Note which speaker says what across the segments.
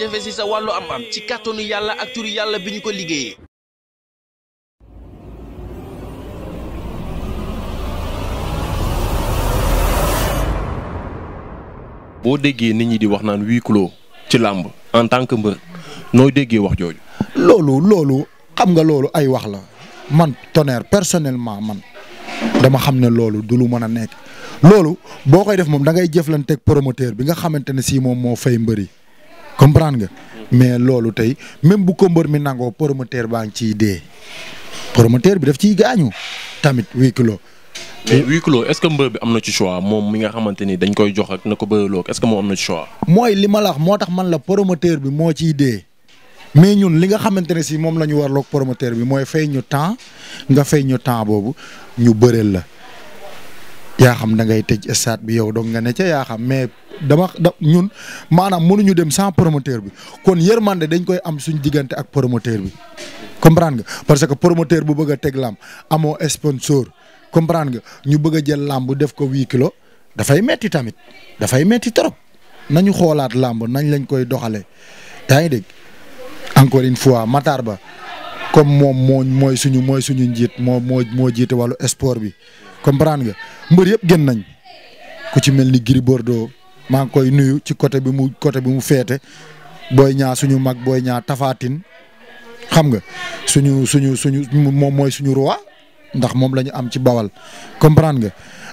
Speaker 1: jafe-jafe sa wàllu am-am ci kàttanu yàlla ak turu yàlla bi ñu ko liggéeyee. boo déggee nit ñi di wax naan huis clos ci làmb en tant que mbër nooy déggee wax jooju.
Speaker 2: loolu loolu xam nga loolu ay wax la man tonnerre personnellement man dama xam ne loolu du lu mën a nekk loolu boo koy def moom da ngay jëflanteeg promoteur bi nga xamante ne si moom moo fay yi comprendre nga. mais loolu tey même bu ko mbër mi nangoo promoteur baa ngi ciy dee. promoteur bi daf ciy gaañu tamit huis clos. mais
Speaker 1: huis clos est-ce que mbër bi am na ci choix moom mi nga xamante ni dañ koy jox ak na ko bëreloo est-ce que moom am na ci choix.
Speaker 2: mooy li ma la moo tax man la promoteur bi moo ciy dee. mais ñun li nga xamante ne si moom la ñu warloog promoteur bi mooy fay ñu temps nga fay ñu temps boobu ñu bëreel la yaa xam da ngay tëj stade bi yow dong nga ne ca yaa xam mais dama da ñun maanaam mënuñu dem sans promoteur bi kon yërmande dañ koy am suñ diggante ak promoteur bi comprendre nga parce que promoteur bu bëgg teg lamb amoo sponsor comprendre nga ñu bëgg a jël làmb def ko huit kilo dafay metti tamit dafay metti trop nañu xoolaat lamb nañ lañ koy doxalee yaa ngi dégg encore une fois Matar Ba comme moom moo mooy suñu mooy suñu njiit moo moo moo jiite wàllu sport bi comprendre nga mbër yëpp gën nañ ku ci mel ni Gris Bordeaux maa ngi koy nuyu ci côté bi mu côté bi mu féete booy ñaa suñu mag booy ñaa tafaatin xam nga suñu suñu suñu moom mooy suñu roi ndax moom la ñu am ci bawal comprendre nga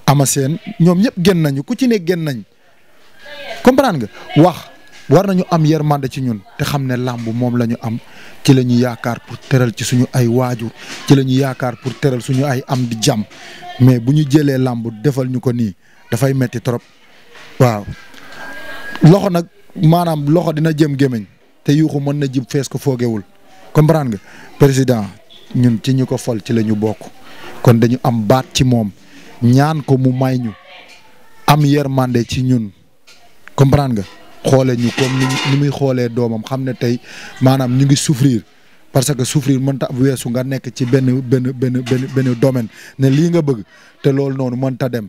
Speaker 2: ama seen ñoom ñëpp génn nañu ku ci ne génn nañ comprendre nga wax war nañu am yërmande ci ñun te xam ne làmb moom la ñu am ci la ñu yaakaar pour teral ci suñu ay waajur ci la ñu yaakaar pour teral suñu ay am di jàmm mais bu ñu jëlee làmb defal ñu ko nii dafay metti trop waaw loxo nag maanaam loxo dina jëm gémmiñ te yuuxu mën na jib fees ko foogewul comprendre nga président ñun ci ñu ko fol ci la ñu bokk kon dañu am baat ci moom ñaan ko mu may ñu am yermande ci ñun comprendre nga xoole ñu kom ni muy xoolee doomam xam ne tey maanaam ñu ngi souffrir parce que souffrir mënta weesu nga nekk ci benn benn benn benn benn domaine ne lii nga bëgg te loolu noonu mënta dem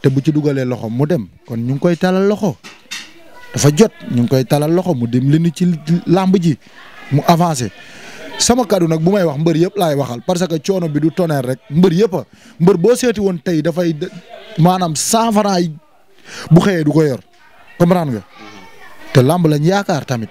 Speaker 2: te bu ci dugalee loxo mu dem kon ñu ngi koy talal loxo dafa jot ñu ngi koy talal loxo mu dem leen ci làmb ji mu avancé sama kaddu nag bu may wax mbër yëpp laay waxal parce que coono bi du tonnerre rek mbër yëpp mbër boo seeti woon tey dafay maanaam cent bu xëyee du ko yor comprendre nga te làmb lañ yaakaar tamit.